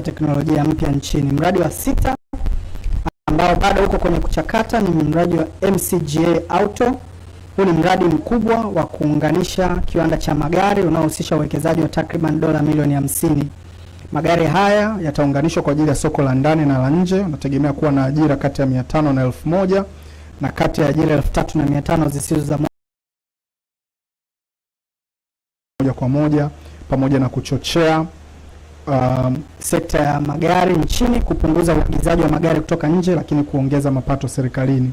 teknolojia mpya nchini. Mradi wa sita ambao bado uko kwenye kuchakata ni mradi wa MCGA Auto. Huu ni mradi mkubwa wa kuunganisha kiwanda cha magari unaohusisha uwekezaji wa takriban dola milioni hamsini. Magari haya yataunganishwa kwa ajili ya soko la ndani na la nje. Unategemea kuwa na ajira kati ya tano na elfu moja na kati ya ajira tatu na tano zisizo za moja kwa moja pamoja na kuchochea um, sekta ya magari nchini, kupunguza uagizaji wa magari kutoka nje, lakini kuongeza mapato serikalini.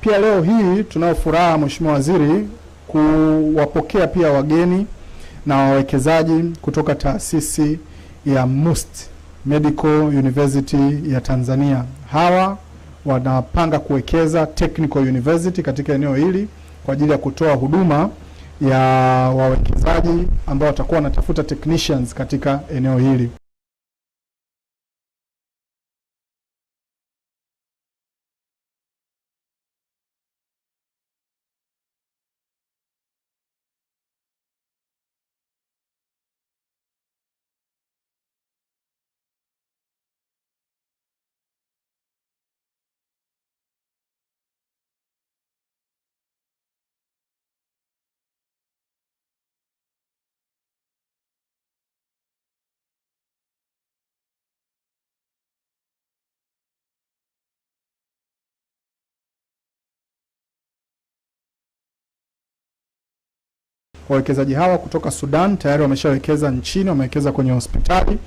Pia leo hii tunao furaha, Mheshimiwa Waziri, kuwapokea pia wageni na wawekezaji kutoka taasisi ya MUST Medical University ya Tanzania. Hawa wanapanga kuwekeza Technical University katika eneo hili kwa ajili ya kutoa huduma ya wawekezaji ambao watakuwa wanatafuta technicians katika eneo hili. Wawekezaji hawa kutoka Sudan tayari wameshawekeza nchini, wamewekeza kwenye hospitali